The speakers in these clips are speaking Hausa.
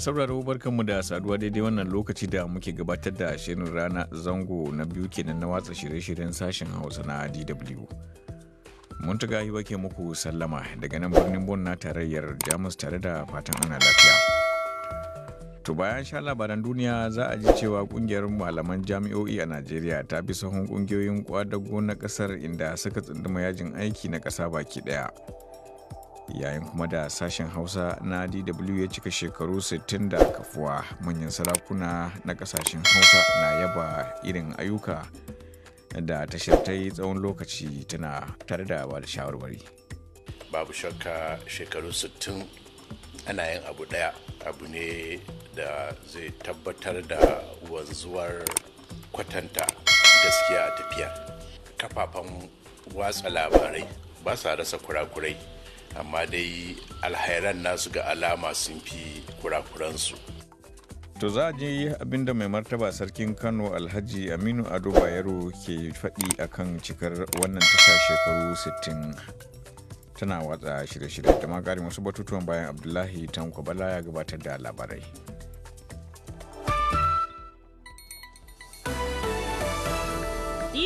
Masu sauraro barkanmu da saduwa daidai wannan lokaci da muke gabatar da shirin rana zango na biyu kenan na watsa shirye-shiryen sashen Hausa na DW. Muntaga yi ke muku sallama daga nan birnin Bon na tarayyar Jamus tare da fatan ana lafiya. To bayan sha labaran duniya za a ji cewa kungiyar malaman jami'o'i a Najeriya ta bi sahun kungiyoyin kwadago na kasar inda suka tsunduma yajin aiki na kasa baki daya. yayin kuma da sashen hausa na dw ya cika shekaru 60 da kafuwa manyan sarakuna na kasashen hausa na yaba irin ayyuka da tashar ta yi tsawon lokaci tana tare da ba da shawarwari babu shakka shekaru 60 ana yin abu daya abu ne da zai tabbatar da wanzuwar kwatanta gaskiya a tafiya kafafen watsa labarai ba sa rasa kurakurai amma dai alhairan nasu ga alama sun fi kurakuransu to za a je abinda mai martaba sarkin kano alhaji aminu ado bayero ke faɗi akan cikar wannan tasha shekaru 60 tana watsa shirye-shirye da magari masu batutuwan bayan abdullahi tanko bala ya gabatar da labarai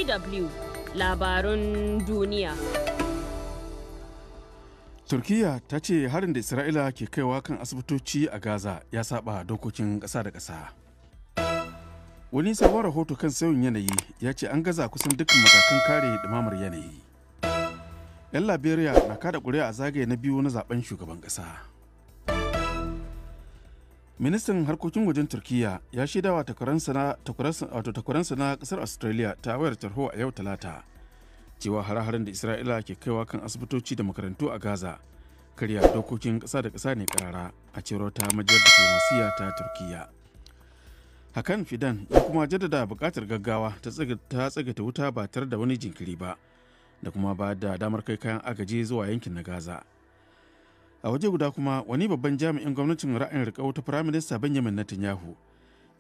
dw labarun duniya turkiya ta ce harin da isra'ila ke kaiwa kan asibitoci a gaza ya saba dokokin ƙasa da ƙasa wani sabon rahoto kan sauyin yanayi ya ce an gaza kusan dukkan matakan kare ɗumamar yanayi yan liberia na kada ƙuri'a a zagaye na biyu na zaben shugaban ƙasa ministan harkokin wajen turkiya ya shaidawa takwaransa na ƙasar australia ta wayar tarho a yau talata cewa hare-haren da isra'ila ke kaiwa kan asibitoci da makarantu a gaza karya dokokin ƙasa da kasa ne karara a cewar ta majiyar diplomasiya ta turkiya hakan fidan ya kuma jaddada buƙatar gaggawa ta tsagata wuta ba tare da wani jinkiri ba da kuma ba da damar kai kayan agaji zuwa yankin na gaza a waje guda kuma wani babban jami'in gwamnatin ra'ayin rikau ta firaminista benjamin netanyahu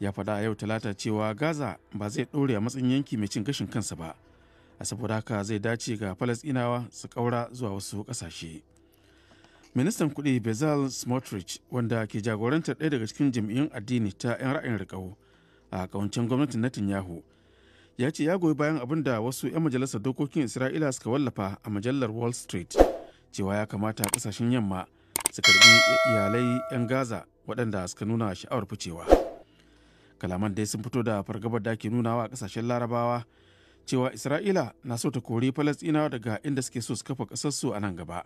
ya faɗa a yau talata cewa gaza ba zai ɗore a matsayin yanki mai cin gashin kansa ba a saboda haka zai dace ga falasɗinawa su kaura zuwa wasu kasashe. ministan kuɗi bezal smotrich wanda ke jagorantar ɗaya daga cikin jam'iyyun addini ta 'yan ra'ayin rikau a kawancin gwamnatin netanyahu ya ce ya goyi bayan abin da wasu 'yan majalisar dokokin isra'ila suka wallafa a majalar wall street cewa ya kamata kasashen yamma su karbi iyalai 'yan gaza waɗanda suka nuna sha'awar ficewa kalaman dai sun fito da fargabar da ke nunawa a kasashen larabawa cewa isra'ila na so ta kori falasɗinawa daga inda suke so su kafa ƙasarsu a nan gaba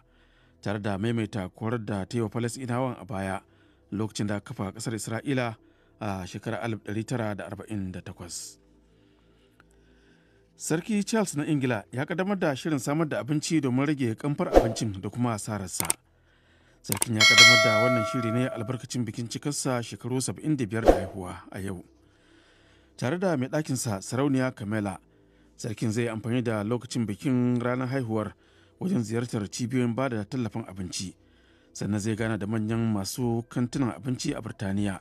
tare da maimaita korar da ta yi wa falasɗinawan a baya lokacin da kafa ƙasar isra'ila a shekarar 1948 sarki charles na ingila ya kaddamar da shirin samar da abinci domin rage kamfar abincin da kuma asararsa sarkin ya kaddamar da wannan shiri ne albarkacin bikin cikarsa shekaru 75 da haihuwa a yau tare da mai ɗakinsa sarauniya Camilla. sarkin zai amfani da lokacin bikin ranar haihuwar wajen ziyartar cibiyoyin ba da tallafin abinci sannan zai gana da manyan masu kantunan abinci a birtaniya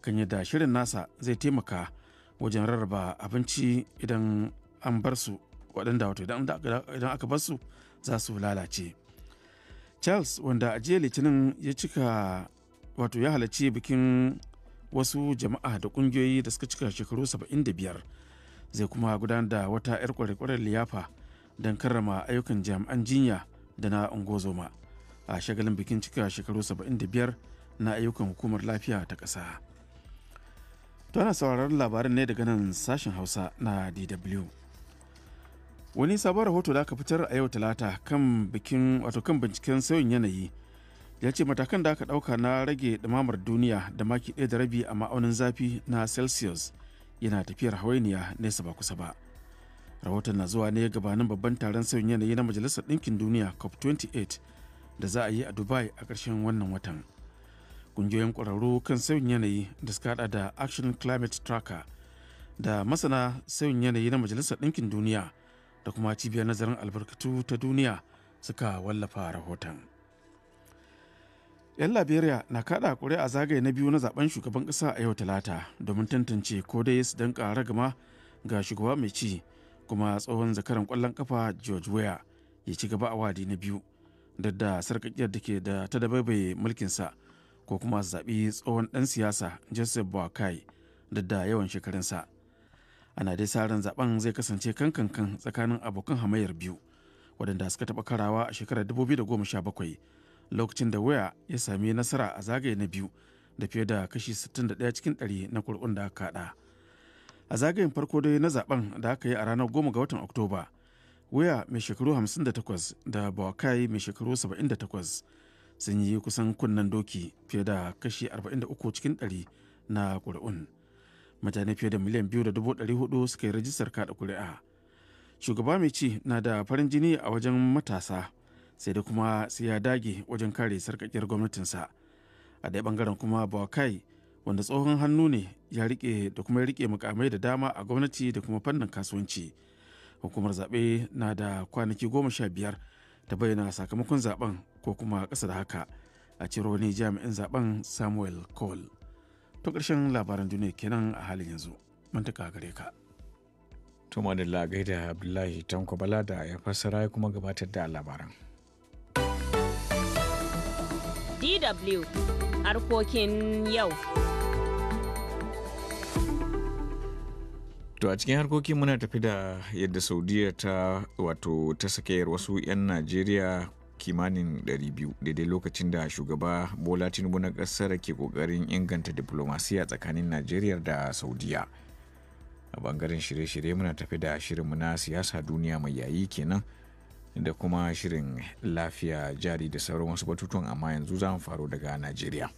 kan yadda shirin nasa zai taimaka wajen rarraba abinci idan an bar su waɗanda wato idan aka bar su za su lalace charles wanda a jiya litinin ya cika wato ya halarci bikin wasu jama'a da ƙungiyoyi da suka cika shekaru 75 zai kuma gudanar da wata 'yar kware liyafa don karrama ayyukan jami'an jinya da na ungozoma a shagalin bikin cika shekaru 75 na ayyukan hukumar lafiya ta ƙasa. ana sauraron labarin ne daga nan sashen hausa na dw wani sabon rahoto da aka fitar a yau talata kan bikin wato kan binciken sauyin yanayi ya ce matakan da aka ɗauka na rage ɗumamar duniya da maki ɗaya da rabi a ma'aunin zafi na celsius yana tafiyar hawainiya nesa ba kusa ba rahoton na zuwa ne gabanin babban taron sauyin yanayi na majalisar ɗinkin duniya cop 28 da za a yi a dubai a ƙarshen wannan watan ƙungiyoyin ƙwararru kan sauyin yanayi da suka hada da action climate tracker da masana sauyin yanayi na majalisar ɗinkin duniya da kuma cibiyar nazarin albarkatu ta duniya suka wallafa rahoton. 'yan liberia na kada a zagaye na biyu na zaben shugaban kasa a yau talata domin tantance ko dai su danka ragama ga shugaba mai ci kuma tsohon zakaran kwallon kafa george weah ya ci gaba a wadi na biyu da sarkakiyar da ke da ta dabaibaye mulkinsa ko kuma su zaɓi tsohon ɗan siyasa joseph boakai da yawan shekarunsa ana dai sa ran zaben zai kasance kankankan tsakanin abokan hamayar biyu waɗanda suka taɓa karawa a shekarar 2017 lokacin da waya ya sami nasara a zagaye na biyu da fiye da kashi 61 cikin 100 na kurkun da aka kada a zagayen farko dai na zaben da aka yi a ranar 10 ga watan oktoba waya mai shekaru 58 da bawakai mai shekaru 78 sun yi kusan kunnen doki fiye da kashi 43 cikin 100 na ƙuri'un mutane fiye da miliyan 2.400 suka yi rajistar kada kuri'a shugaba mai ci na da farin jini a wajen matasa sai da kuma sai ya dage wajen kare sarkakiyar gwamnatinsa a dai bangaren kuma bawakai wanda tsohon hannu ne ya rike da kuma ya rike mukamai da dama a gwamnati da kuma fannin kasuwanci hukumar zaɓe na da kwanaki goma sha biyar ta bayyana sakamakon zaben ko kuma ƙasa da haka a cewar wani jami'in zaben samuel cole to ƙarshen labaran duniya kenan a halin yanzu mantaka gare ka to da lagai da abdullahi tanko bala da ya fassara ya kuma gabatar da labaran DW harkokin yau. To a cikin harkoki muna tafi da yadda Saudiya ta wato ta sakayar wasu 'yan Najeriya kimanin 200 daidai lokacin da shugaba Bola Tinubu na ƙasar ke ƙoƙarin inganta diplomasiya tsakanin Najeriya da Saudiya. A bangaren shirye-shirye muna tafi da shirin na siyasa duniya mai yayi kenan. da kuma shirin lafiya jari da sauran wasu batutuwan amma yanzu za mu faro daga najeriya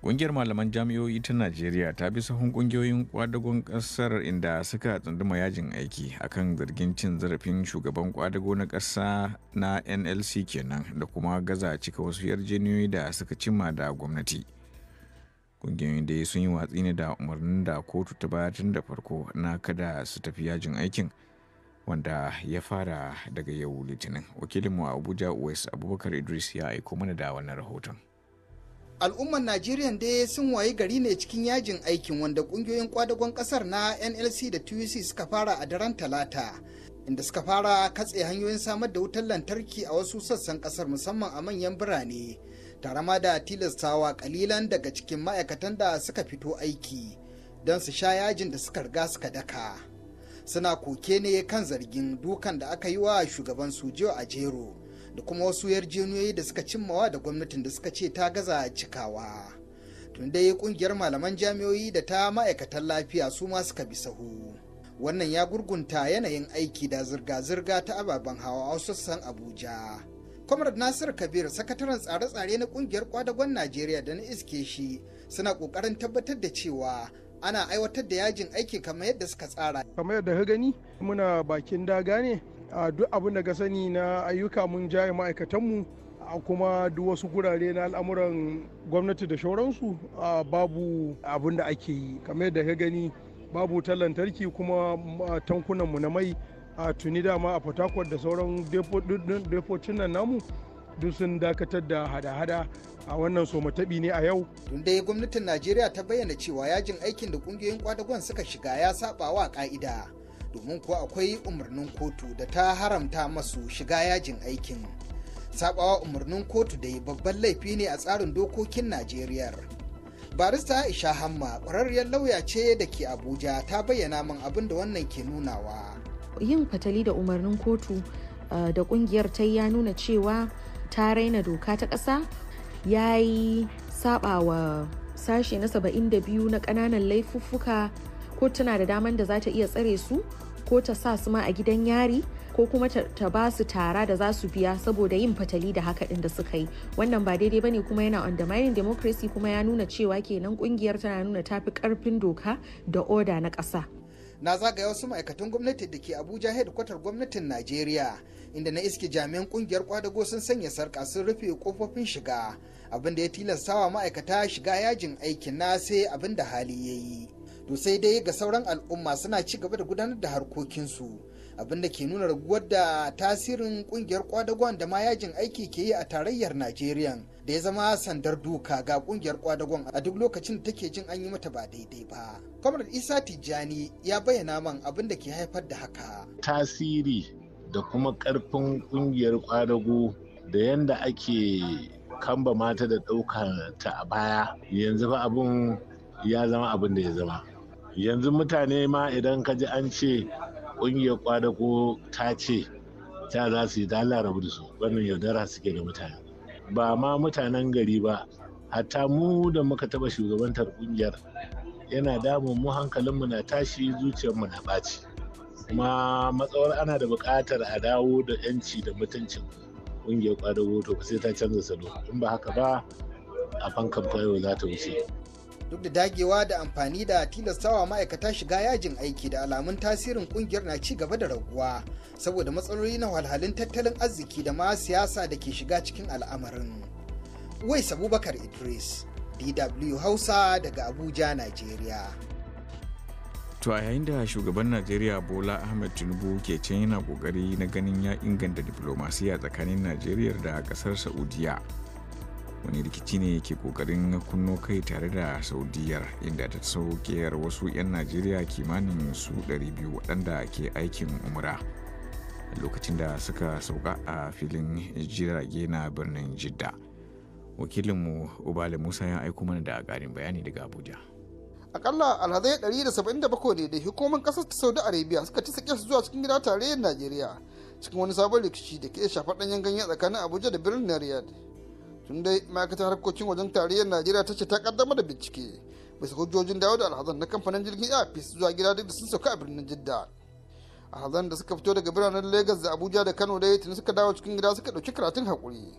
Ƙungiyar malaman jami'o'i ta Najeriya ta bi sahun ƙungiyoyin kwadagon ƙasar inda suka tsunduma yajin aiki akan zargin cin zarafin shugaban kwadago na ƙasa na NLC kenan da kuma gaza cika wasu yarjejeniyoyi da suka cimma da gwamnati. Ƙungiyoyin dai sun yi watsi ne da umarnin da kotu ta bayar tun da farko na kada su tafi yajin aikin. wanda ya fara daga yau litinin wakilinmu a abuja west abubakar idris ya aiko mana da wannan rahoton al'umman najeriya dai sun wayi gari ne cikin yajin aikin wanda kungiyoyin kwadagon kasar na nlc da tuc suka fara a daren talata inda suka fara katse hanyoyin samar da wutar lantarki a wasu sassan kasar musamman a manyan birane tare ma da tilastawa kalilan daga cikin ma'aikatan da suka fito aiki don su sha yajin da suka riga suka daka. suna koke ne kan zargin dukan da aka yi wa shugaban sujiyo a jero da kuma wasu yarjejeniyoyi da suka cimmawa da gwamnatin da suka ce ta gaza cikawa tun dai kungiyar malaman jami'oyi da ta ma'aikatan lafiya su ma suka bi sahu wannan ya gurgunta yanayin aiki da zirga-zirga ta ababen hawa a sassan abuja Kwamar Nasir Kabir, sakataren tsare-tsare na kungiyar kwadagon Najeriya da na iske shi, suna ƙoƙarin tabbatar da cewa ana aiwatar da yajin aiki kamar yadda suka tsara kamar yadda ka gani muna bakin daga ne a duk abin da ka sani na ayyuka mun jaye ma'aikatanmu a kuma duk wasu gurare na al'amuran gwamnati da shauransu babu abin da ake yi kamar yadda ka gani babu wutar lantarki kuma tankunanmu na mai a tuni dama a fatakwar da sauran depocin nan namu duk sun dakatar da hada-hada a wannan somataɓi ne a yau. Tun dai gwamnatin Najeriya ta bayyana cewa yajin aikin da kungiyoyin kwadagon suka shiga ya saba wa ka'ida. Domin kuwa akwai umarnin kotu da ta haramta masu shiga yajin aikin. Sabawa umarnin kotu da babban laifi ne a tsarin dokokin Najeriya. Barista Aisha Hamma ƙwararriyar lauya ce da ke Abuja ta bayyana min abin da wannan ke nunawa. Yin fatali da umarnin kotu eh, da kungiyar ta ya nuna cewa ta raina doka ta ƙasa ya yi saɓawa sashe na 72 na kananan laifuffuka ko tana da daman da za ta iya tsare su ko ta sa su ma a gidan yari ko kuma ta ba su tara da za su biya saboda yin fatali da haka ɗin da suka yi wannan ba daidai bane kuma yana undermining democracy kuma ya nuna cewa kenan ƙungiyar tana nuna tafi karfin doka da oda na ƙasa na zagaya wasu ma'aikatan gwamnati da ke abuja headquarter gwamnatin najeriya inda na iske jami'an kungiyar kwadago sun sanya sarka sun rufe kofofin shiga abin da ya wa ma'aikata shiga yajin aikin na sai abin da hali ya yi to sai dai ga sauran al'umma suna ci gaba da gudanar da harkokinsu abin da ke nuna raguwar da tasirin kungiyar kwadagon da ma yajin aiki ke yi a tarayyar najeriya da ya zama sandar duka ga kungiyar kwadagon a duk lokacin da take jin an yi mata ba daidai ba kwamar isa tijjani ya bayyana man abin da ke haifar da haka tasiri da kuma ƙarfin ƙungiyar ƙwadago da yadda ake kamba mata da ɗaukar ta a baya yanzu fa abin ya zama abin da ya zama yanzu mutane ma idan ka ji an ce ƙungiyar ƙwadago ta ce ta za su yi ta larabu da su wannan yaudara suke da mutane ba ma mutanen gari ba hatta mu da muka taɓa shugabantar ƙungiyar yana damun mu hankalinmu na tashi zuciyarmu na ɓaci kuma matsawar ana da bukatar a dawo da 'yanci da mutuncin ƙungiyar kwadar hoto sai ta canza salo in ba haka ba a fankan fayo za ta wuce duk da dagewa da amfani da tilastawa ma'aikata shiga yajin aiki da alamun tasirin kungiyar na ci gaba da raguwa saboda matsaloli na walhalin tattalin arziki da ma siyasa da ke shiga cikin al'amarin wai sabubakar idris dw hausa daga abuja nigeria to a yayin da shugaban najeriya bola ahmed tinubu ke can yana kokari na ganin ya inganta diplomasiya tsakanin najeriya da kasar saudiya wani rikici ne ke kokarin kunno kai tare da saudiyar inda ta saukiyar wasu 'yan najeriya kimanin su 200 waɗanda ke aikin umra lokacin da suka sauka a filin jirage na birnin jidda wakilinmu ubale musa ya aiko mana da ƙarin bayani daga abuja akalla alhazai 177 ne da hukumomin kasar ta saudi arabia suka ci sake su zuwa cikin gida tarayyar najeriya cikin wani sabon rikici da ke shafar ɗanyen ganye tsakanin abuja da birnin riyadh tun dai ma'aikatar harkokin wajen tarayyar najeriya ta ce ta kaddamar da bincike bisa hujjojin dawo da alhazan na kamfanin jirgin airpeace zuwa gida duk da sun sauka a birnin jidda alhazan da suka fito daga biranen lagos da abuja da kano dai tun suka dawo cikin gida suka dauki karatun hakuri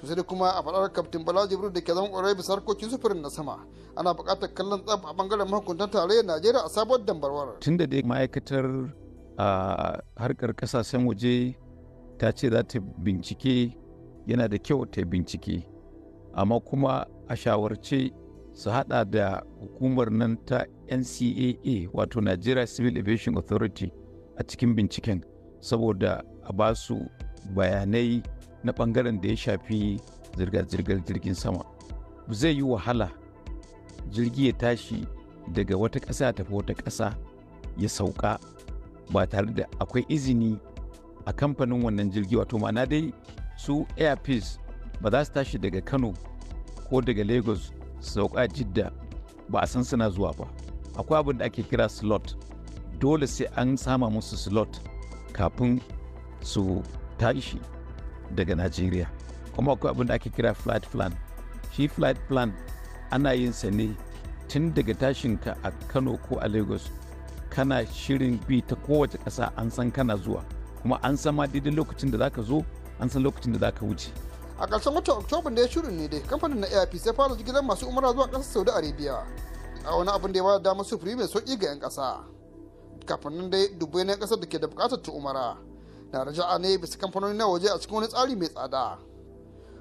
to sai kuma a faɗar kaftin bala jibril da ke zama ƙwarai bisa harkokin sufurin na sama ana buƙatar kallon tsaf a ɓangaren mahukuntan tarayyar najeriya a sabuwar dambarwar tun da dai ma'aikatar a harkar kasashen waje ta ce za ta bincike yana da kyau ta bincike amma kuma a shawarce su hada da hukumar nan ta ncaa wato nigeria civil aviation authority a cikin binciken saboda a ba su bayanai na ɓangaren da ya shafi zirga-zirgar jirgin sama zai yi wahala jirgi ya tashi daga wata ƙasa ta tafi wata ƙasa ya sauka ba tare da akwai izini a kamfanin wannan jirgi wato ma'ana dai su airpeace ba za su tashi daga kano ko daga lagos sauka jidda ba a san suna zuwa ba akwai abin da ake kira slot dole sai an sama musu slot kafin su tashi daga Najeriya. Kuma akwai abin da ake kira flight plan. Shi flight plan ana yin sa ne tun daga tashinka a Kano ko a Lagos kana shirin bi ta kowace ƙasa an san kana zuwa kuma an san ma daidai lokacin da zaka zo an san lokacin da zaka wuce. A ƙarshen watan Oktoba da ya shirin ne dai kamfanin na AIP sai fara jigilar masu umara zuwa ƙasar Saudi Arabia. A wani abin da ya bada damar sufuri mai sauƙi ga 'yan ƙasa. Kafin nan dai dubbai na 'yan ƙasar da ke da buƙatar ta umara. na raja'a ne bisa kamfanonin na waje a cikin wani tsari mai tsada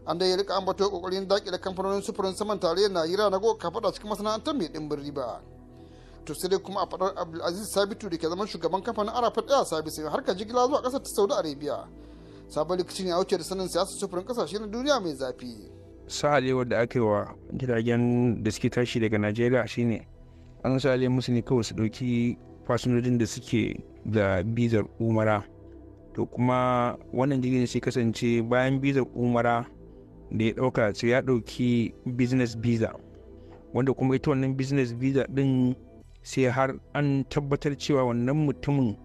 an dai rika ambato kokarin dakile kamfanonin sufurin saman tarayyar najeriya na ka fada cikin masana'antar mai dimbin riba to sai dai kuma a fadar abdulaziz sabitu da ke zaman shugaban kamfanin arafat air service har harkar jigila zuwa kasar ta saudi arabia sabon rikici ne a wuce da sanin siyasa sufurin kasashe na duniya mai zafi sa da aka yi wa gidajen da suke tashi daga najeriya shine an sa'ale musu ne kawai su ɗauki fasinojin da suke da bizar umara to kuma wannan jirgin sai kasance bayan bizar umara da ya ɗauka sai ya ɗauki business visa wanda kuma ita wannan business visa ɗin sai har an tabbatar cewa wannan mutumin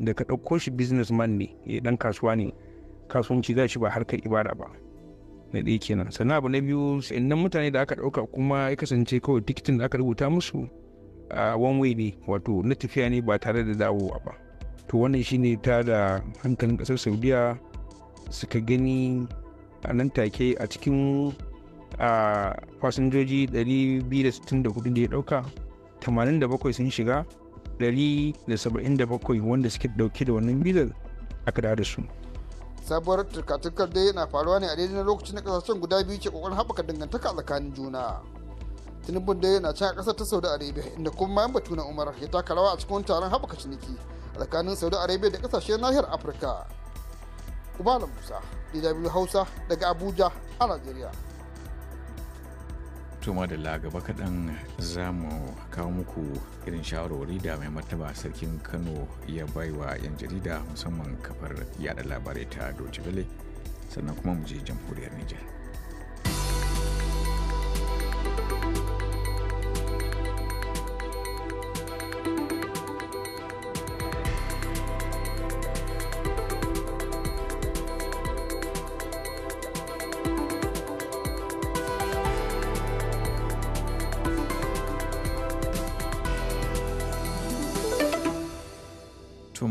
da ka ɗauko shi man ne ya eh, ɗan kasuwa ne kasuwanci za shi ba harkar ibada ba na ɗaya kenan sannan abu na biyu sannan mutane da aka ɗauka kuma ya kasance kawai tikitin da aka rubuta musu a ah, one way ne wato na tafiya ne ba tare da dawowa ba to wannan shi ne ta da hankalin kasar saudiya suka gani a nan take a cikin a fasinjoji 264 da ya dauka 87 sun shiga 177 wanda suke dauke da wannan bizar kada da su sabuwar turkatukar dai yana faruwa ne a daidai na lokacin da kasashen guda biyu ke kokarin haɓaka dangantaka a tsakanin juna tinubun dai yana can a ƙasar ta saudi arabia inda kuma mayan batu na umar ya taka rawa a cikin taron haɓaka ciniki tsakanin saudi arabia da kasashen nahiyar afirka kubala musa dw hausa daga abuja a nigeria tuma da lagaba kaɗan za mu kawo muku irin shawarwari da mai martaba sarkin kano ya baiwa 'yan jarida musamman kafar yada labarai ta doji bale sannan kuma mu je jamhuriyar nijar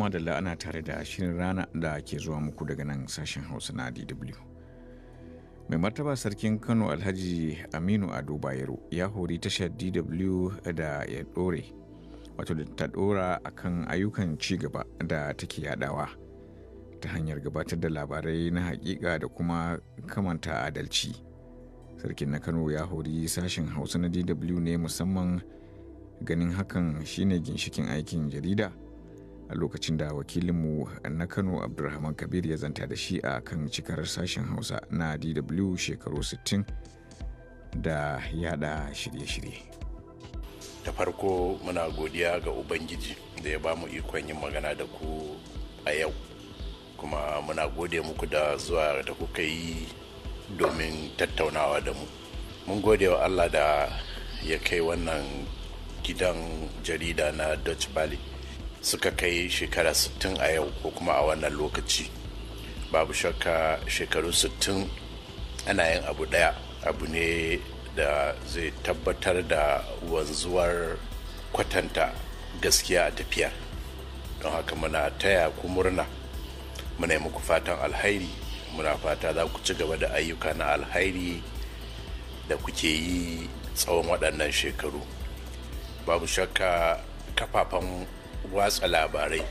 madalla ana tare da shirin rana da ke zuwa muku daga nan sashen hausa na dw mai martaba sarkin kano alhaji aminu ado bayero ya hori tashar dw da ya dore wato da ta dora kan ayyukan ci gaba da take yadawa ta hanyar gabatar da labarai na hakika da kuma kamanta adalci sarkin na kano ya hori sashen hausa na dw ne musamman ganin hakan shine ginshikin aikin jarida a lokacin da wakilinmu na kano abdulrahman kabir ya zanta da shi a kan cikar sashen hausa na dw shekaru 60 da yada shirye-shirye ta farko muna godiya ga ubangiji da ya bamu ikon yin magana da ku a yau kuma muna gode muku da zuwa da kuka yi domin tattaunawa da mu mun gode wa allah da ya kai wannan gidan jarida na dutch valley suka kai shekara 60 a yau ko kuma a wannan lokaci babu shakka shekaru 60 ana yin abu daya abu ne da zai tabbatar da wanzuwar kwatanta gaskiya a tafiyar don haka muna taya ku murna muna yi muku fatan alhairi muna fata za ku ci gaba da ayyuka na alhairi da kuke yi tsawon waɗannan shekaru babu shakka kafafen watsa labarai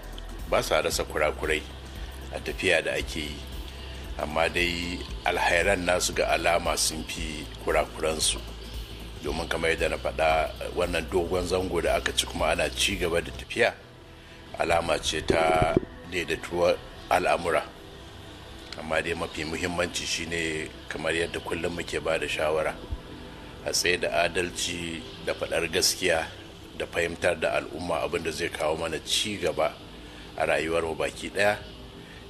ba sa rasa kurakurai a tafiya da ake yi amma dai alhairan nasu ga alama sun fi kurakuransu domin kamar yadda na faɗa wannan dogon zango da aka ci kuma ana ci gaba da tafiya alama ce ta daidaituwar al'amura amma dai mafi muhimmanci shine kamar yadda kullum muke ba da shawara a tsaye da adalci da faɗar gaskiya da fahimtar da al'umma abin da zai kawo mana ci gaba a rayuwar mu baki daya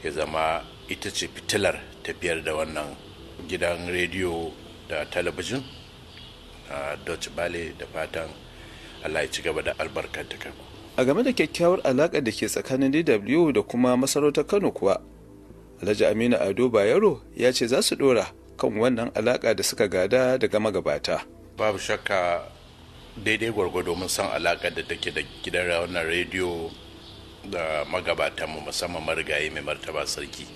ya zama ita ce fitilar tafiyar da wannan gidan rediyo da talabijin a deutsche bale da fatan allah ya ci gaba da albarkar kanku a game da kyakkyawar alaƙa da ke tsakanin dw da kuma masarautar kano kuwa alhaji aminu ado bayero ya ce za su dora kan wannan alaƙa da suka gada daga magabata babu shakka daidai gwargwado mun san alaƙar da take da gidan wannan rediyo da magabatanmu musamman marigayi mai martaba sarki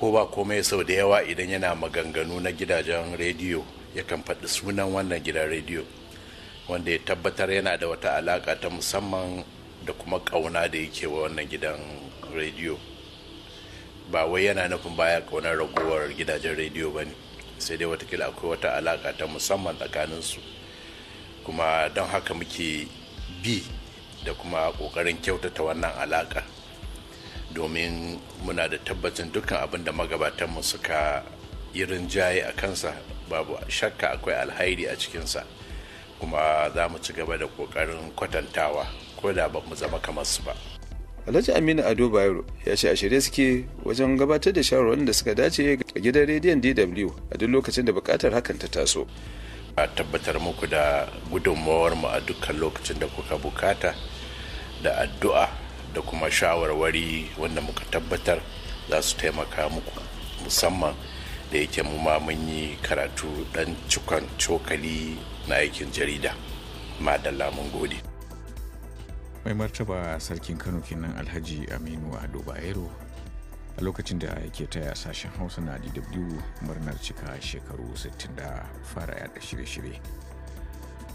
ko ba komai sau da yawa idan yana maganganu na gidajen rediyo yakan faɗi sunan wannan gidan rediyo wanda ya tabbatar yana da wata alaƙa ta musamman da kuma ƙauna da yake wa wannan gidan rediyo ba wai yana nufin baya ƙaunar ragowar gidajen rediyo ba ne sai dai watakila akwai wata alaƙa ta musamman tsakaninsu kuma don haka muke bi da kuma ƙoƙarin kyautata wannan alaƙa domin muna da tabbacin dukkan abin da mu suka yi rinjaye a kansa babu shakka akwai alhairi a cikinsa kuma za mu ci gaba da ƙoƙarin kwatantawa ko da ba mu zama kamar su ba alhaji aminu ado bayero ya ce a shirye suke wajen gabatar da shawarwarin da suka dace a gidan rediyon dw a duk lokacin da bukatar hakan ta taso a tabbatar muku da mu a dukkan lokacin da kuka bukata da addu'a da kuma shawarwari wanda muka tabbatar za su taimaka muku musamman da yake mu ma mun yi karatu dan cikon cokali na aikin jarida madalla lamun gode mai martaba sarkin kano kenan alhaji aminu ado bayero a lokacin da yake taya sashen hausa na dw murnar cika shekaru 60 da fara yada shirye-shirye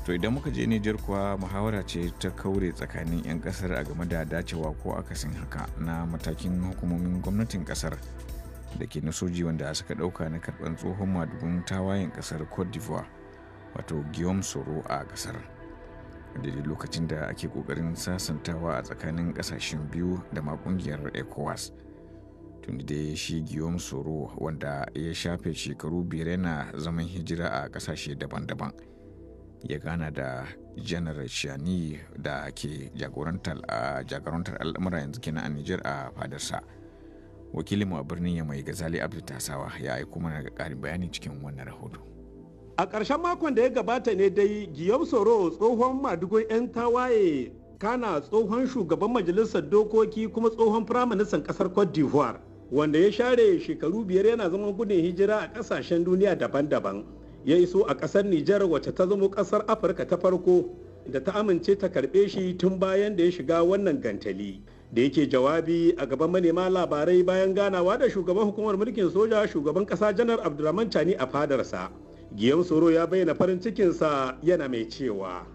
to idan muka je nijar kuwa muhawara ce ta kaure tsakanin 'yan kasar a game da dacewa ko akasin haka na matakin hukumomin gwamnatin kasar da ke na wanda suka dauka na karban tsohon madugun tawayen kasar cote d'ivoire wato guillaume soro a kasar daidai lokacin da ake kokarin sasantawa a tsakanin kasashen biyu da ma kungiyar ecowas tuni dai shi guillaume soro wanda ya shafe shekaru biyar yana zaman hijira a kasashe daban-daban ya gana da janar shani da ke jagorantar al'amura yanzu kina a niger a fadarsa wakilin a birnin ya mai gazali abdu tasawa ya aiko mana ga ƙarin bayani cikin wannan rahoto A ƙarshen makon da ya gabata ne dai Guillaume Soro tsohon madugon 'yan tawaye kana tsohon shugaban majalisar dokoki kuma tsohon firaministan ƙasar Cote d'Ivoire wanda ya share shekaru biyar yana zama gudun hijira a kasashen duniya daban-daban ya iso a ƙasar Nijar wacce ta zama ƙasar Afirka ta farko da ta amince ta karbe shi tun bayan da ya shiga wannan gantali. da yake jawabi a gaban manema labarai bayan ganawa da shugaban hukumar mulkin soja shugaban kasa janar abdulrahman chani a fadarsa giyan soro ya bayyana farin cikinsa yana mai cewa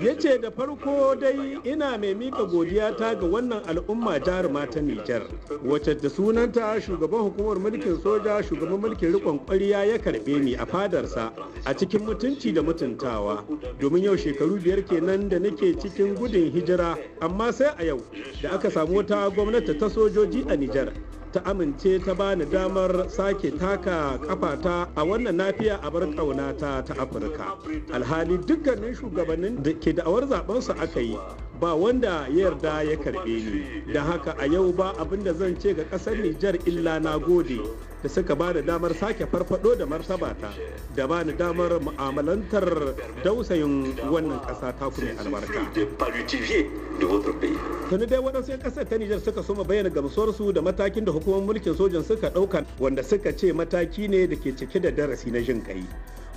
Ya ce da farko dai ina mai mika godiyata ga wannan al'umma jaruma ta Nijar, wacce da sunanta shugaban hukumar mulkin soja shugaban mulkin rikon kwariya ya karbe ni a fadarsa a cikin mutunci da mutuntawa. Domin yau shekaru biyar kenan da nake cikin gudun hijira, amma sai a yau da aka samu wata gwamnati ta sojoji a Nijar. ta amince ta bani damar sake taka kafata a wannan nafiya a bar kaunata ta afirka alhali dukkanin shugabannin da ke da'awar zaben su aka yi ba wanda ya yarda ya karbe ni da haka a yau ba abin da zan ce ga ƙasar Nijar illa na gode da suka ba da damar sake farfado da martabata da ba ni damar mu'amalantar dausayin wannan ƙasa ta kuma albarka. Tuni dai waɗansu 'yan ƙasar ta Nijar suka soma bayyana su da matakin da hukumar mulkin sojan suka ɗauka wanda suka ce mataki ne da ke cike da darasi na jin ƙai.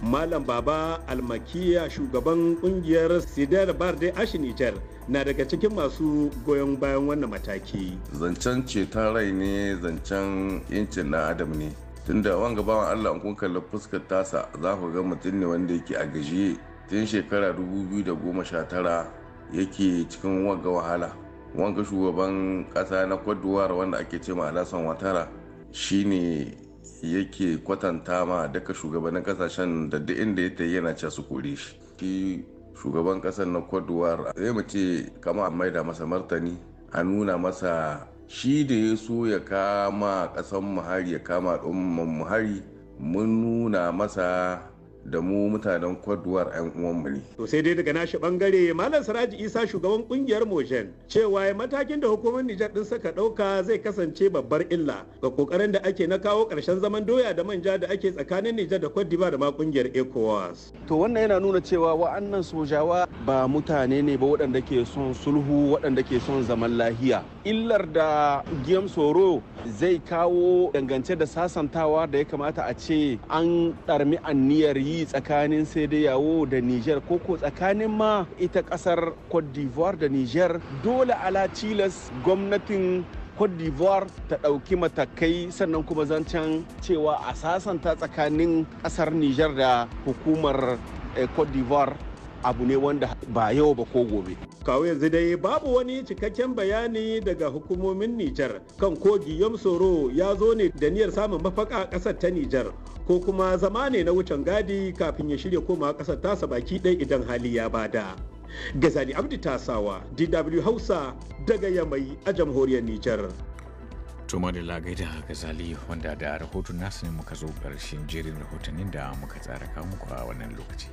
malam baba almakiya shugaban kungiyar sidar barde ashinitar na daga cikin masu goyon bayan wannan mataki zancen ceton rai ne zancen yancin na adam ne tunda wanga bawan allah kun kalli fuskar tasa za ku ga mutum ne wanda yake a gajiye tun shekara 2019 yake cikin wanga wahala wanga shugaban kasa na kwaduwar wanda ake ce ma alasan watara shine yake kwatanta ma daga shugabannin kasashen da duk inda ya tayi yana cewa su kore shi shi shugaban kasar na kwaduwar zai mu ce kama a maida masa martani a nuna masa shi da ya so ya kama kasan muhari ya kama al'umman muhari mun nuna masa da mu mutanen kwaduwar 'yan uwanmu ne. To sai dai daga nashi bangare Malam Siraji Isa shugaban kungiyar Mojen cewa matakin da hukumar Nijar din saka dauka zai kasance babbar illa ga kokarin da ake na kawo karshen zaman doya da manja da ake tsakanin Nijar da Kwadiba da ma kungiyar ECOWAS. To wannan yana nuna cewa wa'annan sojawa ba mutane ne ba waɗanda ke son sulhu waɗanda ke son zaman lahiya. Illar da Giyam Soro zai kawo dangance da sasantawa da ya kamata a ce an ɗarmi anniyar yi yi tsakanin sai da yawo da niger koko tsakanin ma ita kasar cote d'ivoire da niger dole ala tilas gwamnatin Cote d'Ivoire ta ɗauki matakai sannan kuma zancen cewa a sasanta tsakanin ƙasar Nijar da hukumar eh, Cote d'Ivoire abu ne wanda ba yau ba ko gobe. kawo yanzu dai babu wani cikakken bayani daga hukumomin nijar kan ko guillaume soro ya zo ne da niyyar samun mafaka a ƙasar ta nijar ko kuma zama ne na wucin gadi kafin ya shirya komawa ƙasar tasa baki ɗaya idan hali ya bada gazali abdi tasawa dw hausa daga yamai a jamhuriyar nijar tuma da lagaida gazali wanda da rahoton nasu ne muka zo ƙarshen jerin rahotannin da muka tsara muku a wannan lokaci